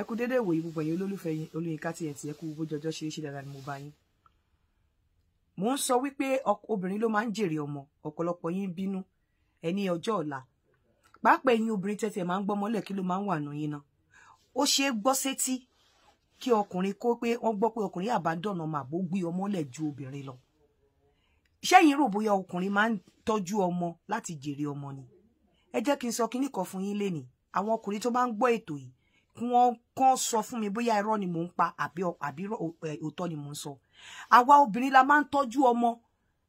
ẹ kú dédé ìwòyí púpọ̀ yẹn olólùfẹ́ yín olóyinka tí ẹ̀ tí ẹ kú bójú ọjọ́ ṣe é ṣe dáadáa ni mo bá yín. mo ń sọ wípé obìnrin ló máa ń jèrè ọmọ ọ̀pọ̀lọpọ̀ yín bínú ẹ ní ọjọ́ ọ̀la pàápàá ẹ̀yin obìnrin tẹ́tẹ̀ máa ń gbọ́ mọ́lẹ̀ kí ló máa ń wà nù yín náà ó ṣe é gbọ́ sétí kí ọkùnrin kó pé wọ́n gbọ́ pé ọkùnrin àbádọ́nà mà bó gbé ọmọ lẹ̀ ju obìnrin lọ ṣẹ́yìn rò bóyá ọkùnrin máa ń tọ́jú ọmọ láti jèrè ọmọ ni ẹ jẹ́ kí n sọ kinní kan fún yín lénìí àwọn ọkùnrin tó bá ń gbọ́ ètò yìí kí wọ́n kàn sọ fún mi bóyá irọ́ ni mò ń pa àbí àbí òótọ́ ni mò ń sọ àwa obìnrin la máa ń tọ́jú ọmọ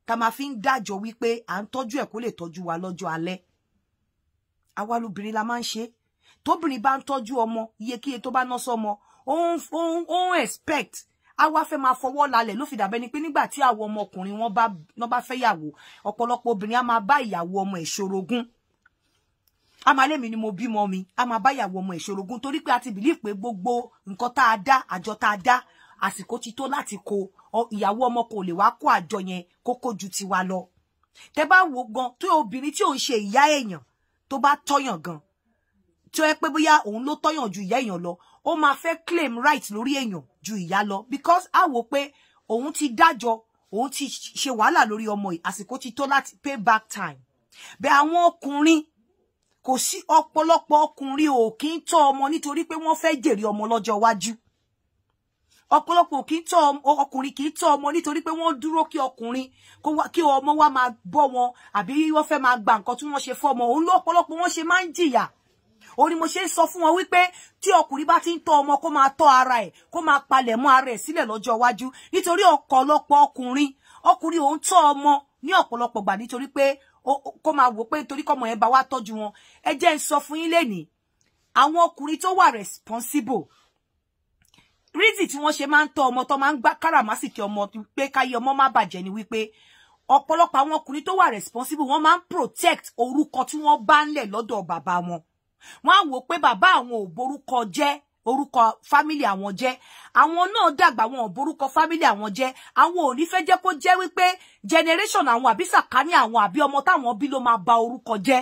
tá máa fi ń dájọ́ wípé à ń tọ́jú ẹ̀ kó lè tọ́jú wa lọ́jọ́ alẹ́ àwa lobìnrin la máa ń ṣe tóbìnrin bá ń tọ́jú ọmọ iyekíye tó bá ná sọmọ ó ń expect a wá fẹ́ máa fọwọ́ lálẹ̀ ló fi dàbẹ́ ni pé nígbà tí àwọn ọmọkùnrin wọn bá fẹ́ yàwó ọ̀pọ̀lọpọ̀ obìnrin á máa bá ìyàwó ọmọ ẹ̀ ṣorogún a máa lémi ni mo bímọ mi a máa báyàwó ọmọ ìṣorogún torí pé a ti bìlí pé gbogbo nǹkan tá a dá àjọ tá a dá àsìkò ti tó láti kó ìyàwó ọmọ kò lè wá kó àjọ yẹn kó kó ju tiwa lọ tẹ bá wo gan tó obìnrin tí ò ṣe ìyá èèyàn tó bá tọyàn gan tí yẹ pé bóyá òun ló tọyàn ju ìyá èèyàn lọ ó máa fẹ́ claim right lórí èèyàn ju ìyá lọ because a wò pé òun ti dájọ òun ti ṣe wàhálà lórí ọmọ àsìkò ti tó láti pay back time bẹ́ẹ̀ àwọn ọkùnrin kò sí ọ̀pọ̀lọpọ̀ ọkùnrin ò kí ń tọ́ ọmọ nítorí pé wọ́n fẹ́ jèrè ọmọ lọ́jọ́ iwájú ọ̀pọ̀lọpọ̀ kì í tọ́ ọkùnrin kì í tọ́ ọmọ nítorí pé wọ́n dúró kí ọkùnrin kí ọmọ wa máa bọ́ wọn àbí wọ́n fẹ́ máa gba nǹkan tí wọ́n ṣe fọ́mọ òun ló ọ̀pọ̀lọpọ̀ wọ́n ṣe máa ń jìyà ó ní mo ṣe ń sọ fún wọn wípé tí ọkùnrin bá ti ń tọ́ ọmọ kó máa tọ́ ara ẹ̀ kó máa palẹ̀ mọ́ ara ẹ̀ sílẹ̀ lọ́jọ́ iwájú nítorí ọ̀pọ̀lọpọ̀ ọkùnrin ọkùnrin òun tọ́ ọmọ ní ọ̀pọ̀lọpọ̀ gbà nítorí pé kó máa wò pé torí kọ́mọ ẹ bá wá tọ́jú wọn ẹ jẹ́ ń sọ fún yín lénìí àwọn ọkùnrin tó wà responsible reason tí wọ́n ṣe máa ń tọ́ ọmọ tó máa ń gbá káràmásìkì ọmọ pé káyé ọmọ má bàjẹ́ ni wípé ọ̀pọ̀lọpọ̀ àwọn ọkùnrin tó wà responsible wọ́n máa protect orúkọ tí wọ́n bá ń lẹ̀ lọ́dọ̀ bàbá wọn wọ́n á wò pé bàbá àwọn ò orúkọ fámílì àwọn jẹ́ àwọn náà dàgbà wọn ò borúkọ fámílì àwọn jẹ́ àwọn ò ní fẹ́ jẹ́ kó jẹ́ wípé generation àwọn àbí sàkání àwọn àbí ọmọ táwọn bí ló máa ba orúkọ jẹ́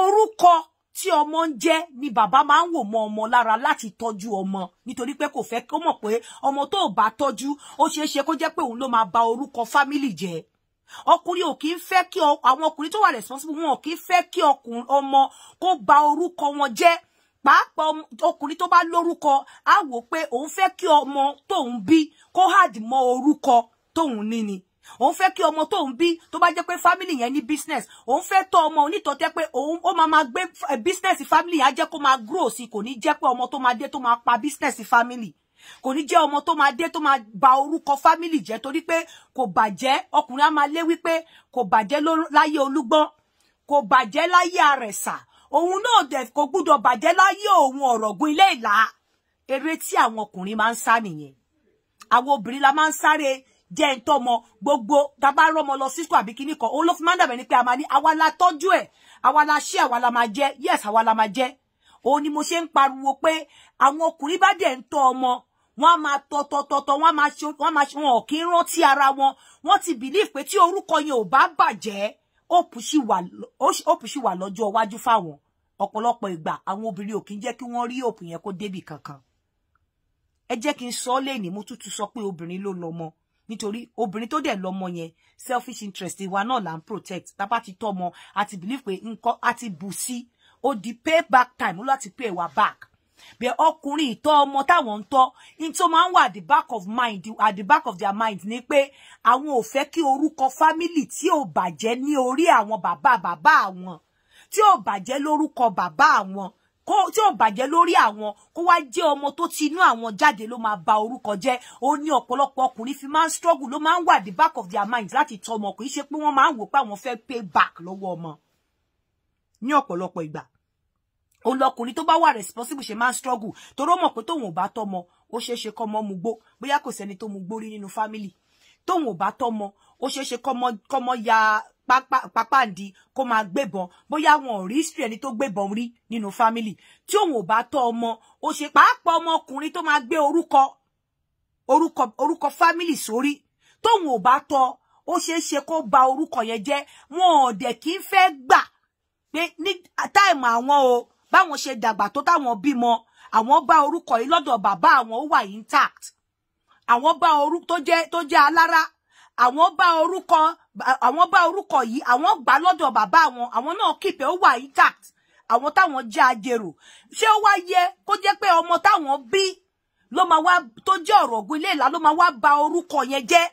orúkọ tí ọmọ ń jẹ́ ni bàbá máa ń wò mọ́ ọmọ lára láti tọ́jú ọmọ nítorí pé kò fẹ́ kó mọ̀ pé ọmọ tó bá tọ́jú ó ṣeé ṣe kó jẹ́ pé òun ló máa ba orúkọ fámílì jẹ́ ọkùnrin ò kí ń fẹ́ kí àwọn ọkùnrin tó wà responsible wọn ò kí ń fẹ́ kí ọkùnrin ọmọ kó ba orúkọ wọn jẹ́ pàápàá ọkùnrin tó bá lórúkọ á wò pé òun fẹ́ kí ọmọ tóun bí kó hard mọ́ orúkọ tóun ní ni òun fẹ́ kí ọmọ tóun bí tó bá jẹ́ pé family yẹn ní business òun fẹ́ tọ́ ọmọ onítọ̀tẹ́ pé òun ó máa máa gbé eh, business family yẹn á jẹ́ kó máa grow sí kò ní jẹ́ pé ọmọ tó máa dé tó máa pa business family kò ní jẹ́ ọmọ tó máa dé tó máa ba orúkọ family jẹ́ torí pé kò bàjẹ́ ọkùnrin á máa lé wípé kò bàjẹ́ láyé olúgbọ́n kò bàjẹ́ láyé àrẹ̀sà òun náà dẹ̀ kò gbúdọ̀ bàjẹ́ láyé òun ọ̀rọ̀gùn ilé ìlà eré tí àwọn ọkùnrin máa ń sá nìyẹn àwọn obìnrin la máa ń sáré jẹ́ ń tọ́mọ gbogbo tá a bá rọ́mọ lọ sí school àbí kíní kan òun ló fi máa ń dàbẹ̀ ni pé a máa ní àwa la tọ́jú ẹ̀ àwa la ṣe àwa la máa jẹ́ yes àwa la máa jẹ́ òun ni mo ṣe ń pariwo pé àwọn ọkùnrin bá dẹ̀ ń tọ́ ọmọ wọn a máa tọtọtọtọ wọn a máa ṣe wọn ò kí rántí ara wọn wọn ti bìlíf pé tí orúkọ yẹn ò bá bàjẹ́ hope sì wà hope sì wà lọ́jọ́ iwájú fáwọn ọ̀pọ̀lọpọ̀ ìgbà àwọn obìnrin ò kí ń jẹ́ kí wọ́n rí hope yẹn kó débì kankan ẹ jẹ́ kí n sọ ọ́ mo tútù sọ pé obìnrin ló lọ́mọ nítorí obìnrin tó dẹ̀ lọ́mọ yẹn selfish interest wa náà là ń protect tá a ti tọ́mọ àti believe pé nǹkan àti bù sí di pay back time ó láti pay wa back bẹ́ẹ̀ ọkùnrin ìtọ́ ọmọ táwọn ń tọ́ in tó máa ń wà at the back of mind at the back of their mind ni pé àwọn ò fẹ́ kí orúkọ fámìlì tí ò bàjẹ́ ní orí àwọn bàbá bàbá àwọn tí ò bàjẹ́ lórúkọ bàbá àwọn tí ò bàjẹ́ lórí àwọn kó wá jẹ́ ọmọ tó ti inú àwọn jáde ló máa ba orúkọ jẹ́ ó ní ọ̀pọ̀lọpọ̀ ọkùnrin fi máa ń struggle ló máa ń wà the back of their mind láti tọ́ ọmọ kì í ṣe pé wọ́n máa ń wò pé àwọn fẹ́ pay back lọ́wọ́ ọmọ ní ọ̀pọ̀lọpọ̀ ìgbà ó lọkùnrin tó bá wà responsible ṣe máa struggle toró mọ̀ pé tóun ò bá tọ́mọ ó ṣeé ṣe kọ́mọ mu gbó bóyá kò sẹ́ni tó mu gbó nínú family tóun ò bá tọ́mọ ó ṣeé ṣe kọ́mọ ya pápáǹdì kó máa gbébọn bóyá wọn ò rí history ẹni tó gbébọn rí nínú family tí òun ò bá tọ́ ọmọ ó ṣe pàápàá ọmọkùnrin tó máa gbé orúkọ orúkọ orúkọ family sórí tóun ò bá tọ́ ó ṣeé ṣe kó ba orúkọ yẹn jẹ́ wọn ò dẹ̀ kí ń fẹ́ gbà pé ní táìmù àwọn o báwọn ṣe dàgbà tó táwọn bímọ àwọn bá orúkọ yìí lọ́dọ̀ bàbá àwọn ó wà intact àwọn bá orúkọ tó jẹ́ tó jẹ́ alára àwọn bá orúkọ àwọn bá orúkọ yìí àwọn gbà lọ́dọ̀ bàbá àwọn àwọn náà kìpẹ́ ó wà intact àwọn táwọn jẹ́ ajérò ṣé ó wá yẹ kó jẹ́ pé ọmọ táwọn bí ló máa wá tó jẹ́ ọ̀rọ̀ ògùn ilé ló máa wá bà orúkọ yẹn jẹ́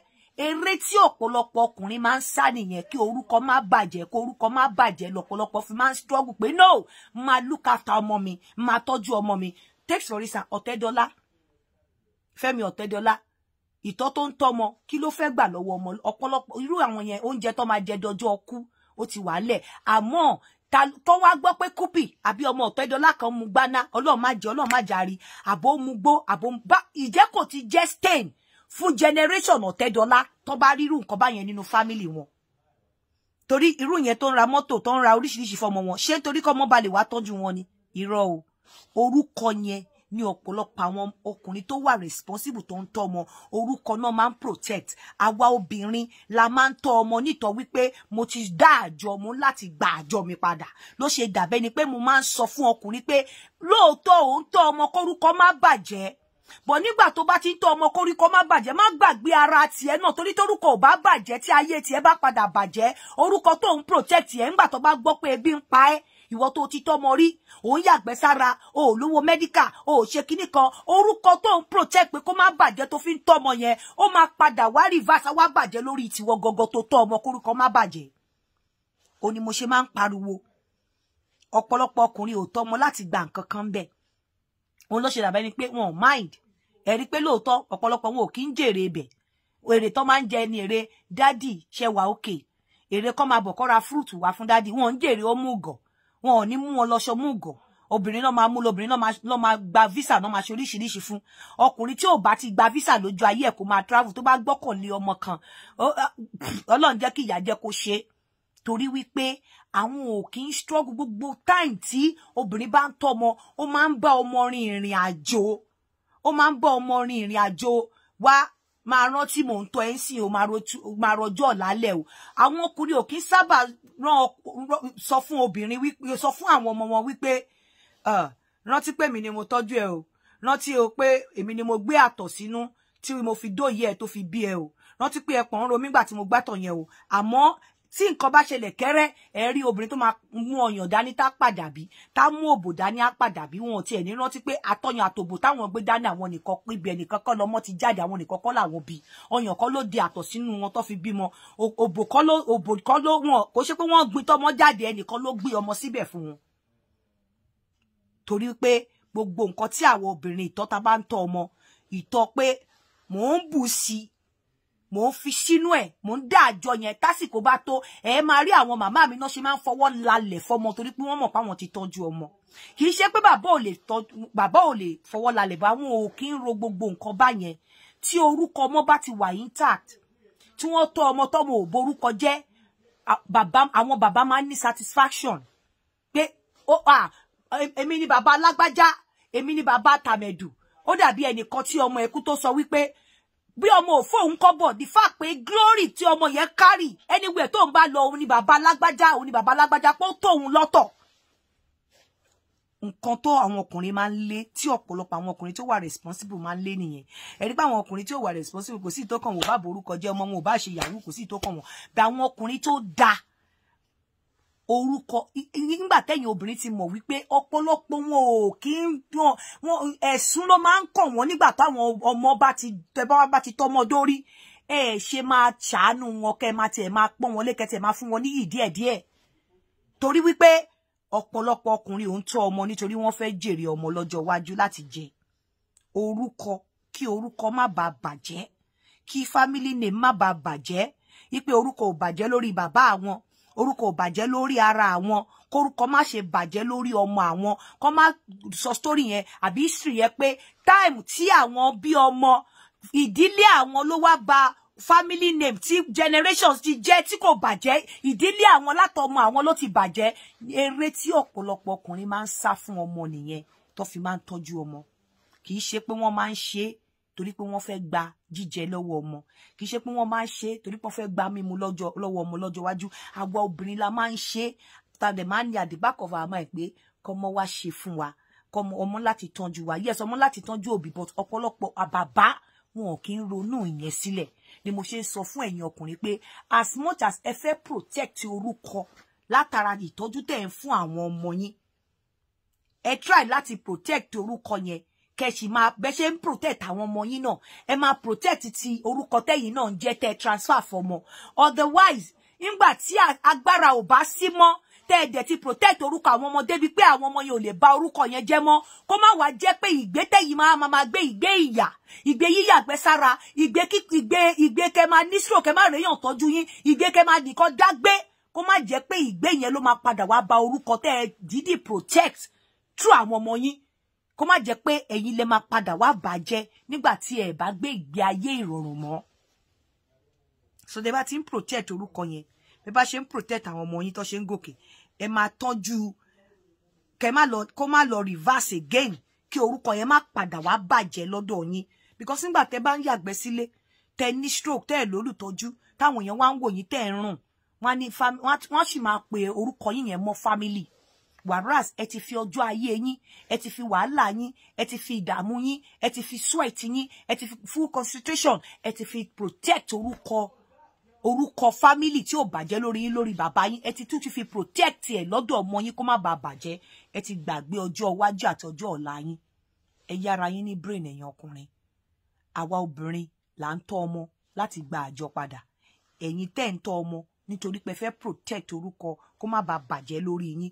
eré tí ọ̀pọ̀lọpọ̀ ọkùnrin máa ń sá nìyẹn kí orúkọ má bàjẹ́ kó orúkọ má bàjẹ́ lọ̀pọ̀lọpọ̀ fi máa ń struggle pé no máa look after ọmọ mi máa tọ́jú ọmọ mi take for instance ọ̀tẹ́dọ́lá fẹ́mi ọ̀tẹ́dọ́lá ìtọ́ tó ń tọ́mọ kí ló fẹ́ gbà lọ́wọ́ ọmọ ọ̀pọ̀lọpọ̀ irú àwọn yẹn oúnjẹ tó máa jẹ dọjọ́ ọkú ó ti wà lẹ̀ àmọ́ tó wá gbọ́ pé kúpì àbí ọmọ ọ̀tẹ́dọ́lá kan mu gbaná ọlọ́run má jẹ́ ọlọ́run má jàrí àbó mu gbó àbó mu ti jẹ́ stain fún generation ọ̀tẹ́dọ́lá tó bá rírú nǹkan báyẹn nínú fámìlì wọn torí irú yẹn tó ń ra mọ́tò tó ń ra oríṣiríṣi fọmọ wọn ṣé nítorí kọ́ mọ́ balẹ̀ wá tọ́jú wọn ni irọ́ o orúkọ yẹn ní ọ̀pọ̀lọpọ̀ àwọn ọkùnrin tó wà responsible tó ń tọ́ ọmọ orúkọ náà protect àwa obìnrin la man ń tọ́ ọmọ nítọ́ wípé mo ti dá àjọ mo láti gba àjọ mi padà ló ṣe dàbẹ́ ni pé mo máa ń sọ fún ọkùnrin pé lóòótọ́ òun tọ́ ọmọ kórúkọ má bàjẹ́ bọ̀ nígbà tó bá ti ń tọ́ ọmọ koríko má bàjẹ́ má gbàgbé ara tiẹ̀ náà torí torúkọ ò bá bàjẹ́ tí ayé tiẹ̀ bá padà bàjẹ́ orúkọ tó ń protect ẹ̀ ńgbà tó bá gbọ́ pé ebi ń pa ẹ́ ìwọ tó ti tọ́mọ rí òun yàgbẹ́ sára o ò lówó mẹ́díkà o ò ṣe kinní kan orúkọ tó ń protect pé kó má bàjẹ́ tó fi ń tọ́mọ yẹn ó máa padà wá rìvásá wá bàjẹ́ lórí tiwọ gọgọ tó tọ́ ọmọ koríko má bàjẹ́ ó ní mo ṣe máa ń pariwo ọ̀pọ̀lọpọ̀ ọkùnrin ò tọ́mọ láti gba nǹkan kan bẹ́ẹ̀ òun ló ṣe dàbẹ́ ni pé wọn mind ẹ̀rí pé lóòótọ́ ọ̀pọ̀lọpọ̀ wọn ò kí ń jèrè ibẹ̀ èrè tó máa ń jẹ ni èrè dádì ṣe wà òkè èrè kọ́ máa bọ̀ kọ́ra fúrùtù wá fún dádì wọn ò ń jèrè ó mú gọ̀ wọn ò ní mú wọn lọ́ṣọ mú gọ̀ obìnrin náà máa mú lobìnrin náà lọ́ máa gba visa náà máa ṣe oríṣiríṣi fún ọkùnrin tí ò bá ti gba visa lójú ayé ẹ̀ kó máa travel tó bá gbọ́kànlé ọmọ kan ọlọ́run jẹ́ kí ìyá jẹ́ kó ṣe é torí wípé àwọn ò kí ń struggle gbogbo time tí obìnrin bá ń tọ́mọ ó máa ń bá ọmọ rin ìrìn àjò ó máa ń bá ọmọ rin ìrìn àjò wá máa rántí mò ń tọ ẹ ń sìn o máa rọjọ́ lálẹ́ o àwọn ọkùnrin ò kí ń sábà sọ fún obìnrin wípé sọ fún àwọn ọmọ wọn wípé rántí pé èmi ni mo tọ́jú ẹ o rántí o pé èmi ni mo gbé àtọ̀ sínú tí mo fi dóye ẹ tó fi bí ẹ o rántí pé ẹpọ̀n ń ro mí tí mo gbàtọ̀ yẹn o àmọ́ tí nǹkan bá ṣẹlẹ̀ kẹ́rẹ́ ẹ rí obìnrin tó máa mú ọyàn dání tá pàdàbí tá mú òbò dání á pàdàbí wọn tiẹ̀ ní rántí pé àtọyàn àtòbò táwọn gbé dání àwọn nìkan pé ẹnìkan kọ́ lọ́mọ ti jáde àwọn nìkan kọ́ làwọn bí ọyàn kọ́ ló di àtọ̀ sínú wọn tó fi bímọ òbò kọ́ ló òbò kọ́ ló wọn kò ṣe pé wọ́n gbin tọ́mọ jáde ẹnìkan ló gbé ọmọ síbẹ̀ fún wọn torí pé gbogbo nǹkan tí àwọn obìnrin ìtọ̀ ta bá ń tọ́ ọmọ ìtọ̀ pé mò ń bù sí i mò ń fi sínú ẹ̀ mò ń dá àjọ yẹn tásìkò bá tó ẹ máa rí àwọn màmá mi náà ṣe máa ń fọwọ́ lalẹ̀ fọmọ torí pé wọ́n mọ̀ páwọn ti tọ́jú ọmọ kì í ṣe pé bàbá ò lè tọ́jú bàbá ò lè fọwọ́ lalẹ̀ wọn ò kí ń ro gbogbo nǹkan báyẹn tí orúkọ ọmọ bá ti wà intact tí wọ́n tọ́ ọmọ tọ́mọ ò borúkọ jẹ́ àwọn bàbá máa ń ní satisfaction pé ó à èmi ni bàbá alágbájá èmi ni bàbá tàmẹ̀dù ó dàbí ẹnìkan tí ọmọ ẹkú tó sọ wípé bí ọmọ òfò òun kọ́ the fact pé glory tí ọmọ yẹn kárì anywhere tó ń bá lọ òun ni bàbá alágbájá òun ni bàbá alágbájá pé ó tóun lọ́tọ̀ nǹkan tó àwọn ọkùnrin máa ń lé tí ọ̀pọ̀lọpọ̀ àwọn ọkùnrin tó wà responsible máa ń lé nìyẹn ẹ̀rí pé àwọn ọkùnrin tó wà responsible kò sí ìtọ́kàn wọn ò bá borúkọ jẹ́ ọmọ wọn ò bá ṣe yahoo kò sí ìtọ́kàn wọn bí àwọn ọkùnrin tó dáa orúkọ nígbà tẹ́yìn obìnrin ti mọ̀ wípé ọ̀pọ̀lọpọ̀ wọn ò kí ń dùn wọn ẹ̀sùn ló máa ń kàn wọ́n nígbà táwọn ọmọ bá ti tẹ́bá bá ti tọ́mọ dórí ẹ ṣe máa ṣàánú wọn kẹ́ máa tiẹ̀ máa pọ́n wọn lékẹ́ tiẹ̀ máa fún wọn níyì díẹ̀díẹ̀ torí wípé ọ̀pọ̀lọpọ̀ ọkùnrin ò ń ọmọ nítorí wọ́n fẹ́ jèrè ọmọ lọ́jọ́ iwájú láti jẹ orúkọ kí orúkọ má bàa bàjẹ́ kí family name má bàa bàjẹ́ ipe orúkọ ò bàjẹ́ lórí bàbá àwọn orúkọ ò bàjẹ́ lórí ara àwọn kórúkọ má ṣe bàjẹ́ lórí ọmọ àwọn kọ́ má sọ story yẹn àbí history yẹn pé time tí àwọn bí ọmọ ìdílé àwọn ló wá ba family name ti generations ti jẹ́ tí kò bàjẹ́ ìdílé àwọn látọmọ àwọn ló ti bàjẹ́ eré tí ọ̀pọ̀lọpọ̀ ọkùnrin máa ń sá fún ọmọ nìyẹn tó fi máa ń tọ́jú ọmọ kì í ṣe pé wọ́n máa ń ṣe é torí pé wọ́n fẹ́ gba jíjẹ lọ́wọ́ ọmọ kì í ṣe pé wọ́n máa ń ṣe torí pé wọ́n fẹ́ gba mímu lọ́wọ́ ọmọ lọ́jọ́ iwájú àwa obìnrin la máa ń ṣe tàdé máa ń ní àdìbákọ̀ fà máa pé kọ́mọ wá ṣe fún wa kọ́mọ ọmọ láti tọ́jú wa yes ọmọ láti tọ́jú òbí but ọ̀pọ̀lọpọ̀ àbàbá wọn kì í ronú ìyẹn sílẹ̀ ni mo ṣe ń sọ fún ẹ̀yin ọkùnrin pé as much as ẹ fẹ́ protect orúkọ látara ìtọ́jú tẹ̀ ń fún àwọn ọmọ yín ẹ try láti protect orúkọ yẹn kẹ̀sì máa bẹ́ ṣe ń protect àwọn ọmọ yín náà ẹ máa protect ti orúkọ tẹ́yìn náà ń jẹ́ tẹ́ transfer fọmọ otherwise nígbà tí agbára ò bá sí mọ́ tẹ́ ẹ̀dẹ̀ ti protect orúkọ àwọn ọmọ débi pé àwọn ọmọ yẹn ò lè bà orúkọ yẹn jẹ́ mọ́ kó má wàá jẹ́ pé ìgbé tẹ̀yìn máa máa gbé ìgbé ìyà ìgbé yíyà gbẹ sára ìgbé ìgbé ìgbé kẹ máa ní stroke kẹ máa rèéyàn tọ́jú yín ìgbé kẹ máa nìkan dágbé kó má jẹ́ pé ìgbé yẹn ló máa padà wá bà orúkọ tẹ́ ẹ dídì protect through àwọn ọmọ yín kó má jẹ́ pé ẹ̀yin lè máa padà wá bàjẹ́ nígbà tí ẹ bá gbé ìgbé ayé ìrọ̀rùn mọ́ so tẹ́ bá ti ń protect orúkọ yẹn bẹ́ bá ṣe ń protect àwọn ọmọ yín tó ṣe ń gòkè ẹ máa tọ́jú kẹ́ má lọ kó má lọ reverse again kí orúkọ yẹn má padà wá bàjẹ́ lọ́dọ̀ yín because nígbà tẹ́ bá ń yàgbẹ́ sílé tẹ́ ní stroke tẹ́ lólùtọ́jú táwọn èèyàn wá ń wò yín tẹ́ ń rùn wọ́n á sì máa pe orúkọ yín yẹn mọ́ family whereas ẹ ti fi ọjọ́ ayé yín ẹ ti fi wàhálà yín ẹ ti fi ìdààmú yín ẹ ti fi sweat yín ẹ ti fi full concentration ẹ ti fi protect orúkọ orúkọ family tí ò bàjẹ́ lori yín lórí bàbá yín ẹ ti tún ti fi protect ẹ lodo ọmọ yín kó má bàa bàjẹ́ ẹ ti gbàgbé ọjọ́ iwájú àtọjọ́ ọ̀la yín ẹ yára yín ní brain ẹ̀yin ọkùnrin àwa obìnrin là ń tọ́ ọmọ gba àjọ padà ẹ̀yin tẹ́ ń tọ́ ọmọ nítorí pé protect orúkọ kó má bàa bàjẹ́ lórí yín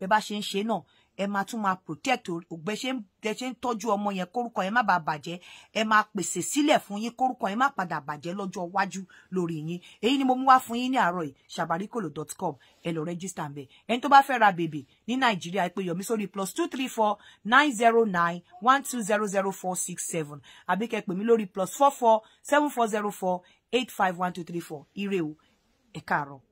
bẹ́ bá ṣe ń ṣe náà ẹ máa tún máa protect ògbẹ́ ṣe ń tẹ ṣe ń tọ́jú ọmọ yẹn kórúkọ yẹn má bàa bàjẹ́ ẹ máa pèsè sílẹ̀ fún yín kórúkọ yẹn má padà bàjẹ́ lọ́jọ́ iwájú lórí yín èyí ni mo mú wá fún yín ní àárọ̀ yìí sabarikolo dot com ẹ lọ register ń bẹ̀ ẹni tó bá fẹ́ ra bèbè ní nàìjíríà ẹ yọmí sórí plus two three four nine zero nine one two zero zero four six seven àbí kẹ́ pè mí lórí plus four four seven four zero four eight five one two three four ire o ẹ káàárọ̀.